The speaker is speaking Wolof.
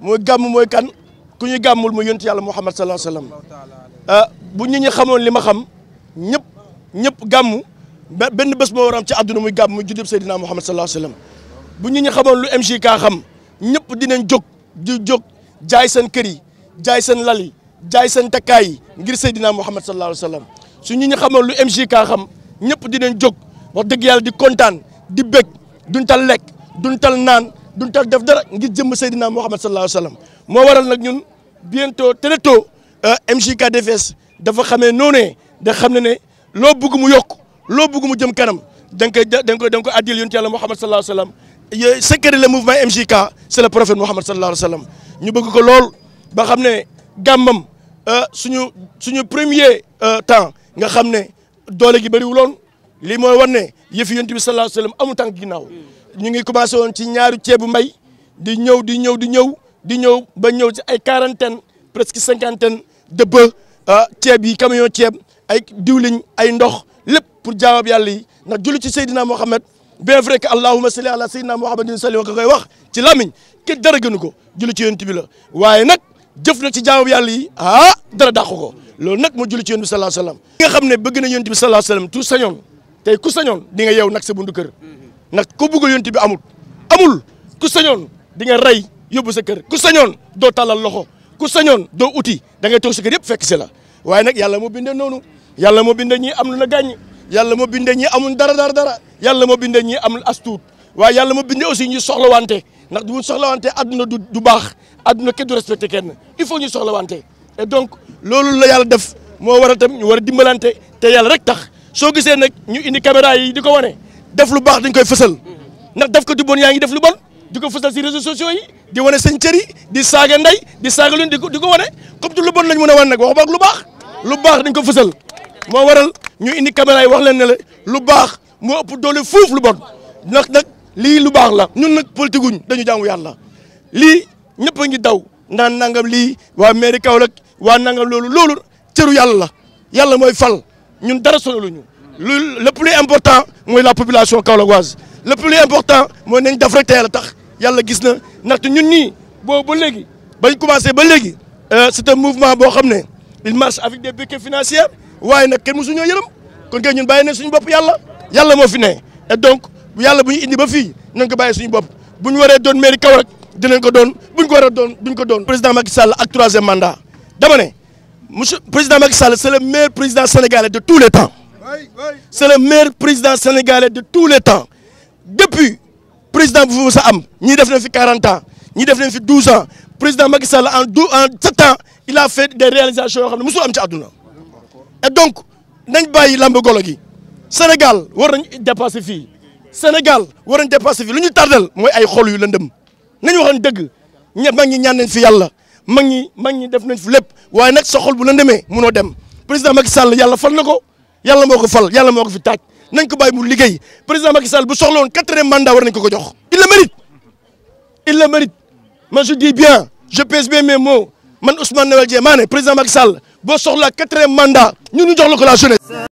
mooy gàmm mooy kan ku ñu gàmmul mu yonent yàlla muhammad sallallahu alayhi wa sallam ah, bu ñu ñi xamoon li ma xam ñëpp ñëpp gàmm benn bés moo war am ci àdduna muy gàmm muy juddib Seydina muhammad sallallahu alayhi wa sallam bu ñu ñi xamoon lu MJK xam ñëpp dinañ jóg di jóg jaay seen kër yi jaay seen lal yi jaay seen takkaay yi ngir Seydina muhammad sallallahu alayhi wa sallam su ñu ñi xamoon lu MJK xam ñëpp dinañ jóg wax dëgg yàlla di kontaan di bég duñ tal lekk duñ tal naan duñ tax def dara ngir jëmm Seydina Muhammad sallallahu alayhi wa sallam moo waral nag ñun bientôt très tôt euh, MJKDFS dafa xamee noonee da xam ne ne loo bëgg mu yokk loo bëgg mu jëm kanam da nga koy da nga koy da nga koy addil yonent Yàlla Muhammad sallallahu alayhi wa sallam yooyu secret le mouvement MJK c'est le prophète Muhammad sallallahu alayhi wa sallam ñu bëgg ko lool ba xam ne gàmmam euh, suñu suñu premier euh, temps nga xam ne doole gi bëriwuloon lii mooy wan ne yëfi yonent bi sallallahu alayhi wa sallam amul tànk ginnaaw ñu ngi commencé woon ci ñaari ceebu mbay di ñëw di ñëw di ñëw di ñëw ba ñëw ci ay quarantaine presque cinquantaine de bœuf ah, ceeb yi camion ceeb ay diwliñ ay ndox lépp pour jaawab yàlla yi ndax julli ci Seydina Mohamed bien vrai que allahuma salli ala Seydina Mohamed salli wa ko koy wax ci lamiñ kenn dara gënu ko julli ci yonent bi la waaye nag jëf na ci jaawab yàlla yi ah dara dàq ko loolu nag moo julli ci yonent bi sallallahu alayhi wasallam. nga bëgg na yonent bi sallallahu alayhi wasallam tout sañoon tey ku sañoon di nga yeew nag sa bundu kër. ndax ko bëgg yonent bi amul amul ku sañoon di nga rey yóbbu sa kër ku sañoon doo tàllal loxo ku sañoon doo uti da ngay toog sa kër yëpp fekk si la waaye nag yàlla moo bindee noonu yàlla moo bindee ñii am lu na gàññ yàlla moo bindee ñii amul dara dara dara yàlla moo bindee ñii amul astuut waaye yàlla moo bindee aussi ñuy soxlawante ndax du ñu soxlawante àdduna du du baax àdduna kenn du respecté kenn il faut ñu soxlawante et donc loolu la yàlla def moo war a tam ñu war a dimbalante te yàlla rek tax soo gisee nag ñu indi caméra yi di ko wane def lu baax dañ koy fësal ndax def ko di bon yaa ngi def lu bon di ko fësal si réseaux sociaux yi di wane seen cër yi di saaga ndey di saaga luñ di ko di ko wane comme tu lu bon lañ mën a wan nag wax baax lu baax lu baax dañ ko fësal moo waral ñu indi caméra yi wax leen ne la lu baax moo ëpp doole fuuf lu bon ndax nag lii lu baax la ñun nag politique wuñ dañu jaamu yàlla lii ñëpp a ngi daw naan nangam lii waa mairie Kaolack waa nangam loolu loolu cëru yàlla la yàlla mooy fal ñun dara sonaluñu lu le plus important mooy la population kaolackoise le plus important mooy nañ def rek teel a tax yàlla gis na ndaxte ñun ñii boobu ba léegi bañ commencé ba léegi euh, c'est un mouvement boo xam ne il marche avec des budgets financiers. waaye nag kenn mësuñoo yërëm kon kay ñun bàyyi nañ suñu bopp yàlla yàlla moo fi ne et donc yàlla bu ñu indi ba fii nañ ko bàyyi suñu bopp bu ñu waree doon mairie Kaolack dinañ ko doon bu ñu ko waree doon duñ ko doon. président Macky Sall ak troisième mandat dama ne monsieur président Macky Sall c'est le meilleur président sénégalais de tous les temps. C'est le meilleur président sénégalais de tous les temps. Depuis, président Boussa Am, nous avons fait 40 ans, nous avons fait 12 ans. Président Macky Sall, en, 12, en 7 ans, il a fait des réalisations. Et donc, nous avons fait l'ambogologie. Sénégal, nous avons dépassé ici. Sénégal, nous avons dépassé ici. Nous avons tardé, nous avons fait l'ambogologie. Nous avons fait l'ambogologie. Nous avons fait l'ambogologie. mag ñi mag ñi def nañ Nous avons fait des sa xol bu la demee munoo dem président Macky Sall yàlla fal na ko yalla moko fal yalla moko fi taj nañ ko baye mu liggéey président Macky Sall bu soxla 4e mandat war nañ ko ko jox. il le mérite il le mérite man je dis bien je pèse bien mes mots man Ousmane Noël Dieng président Macky Sall soxla 4e mandat ñu ñu jox la ko la jeunesse.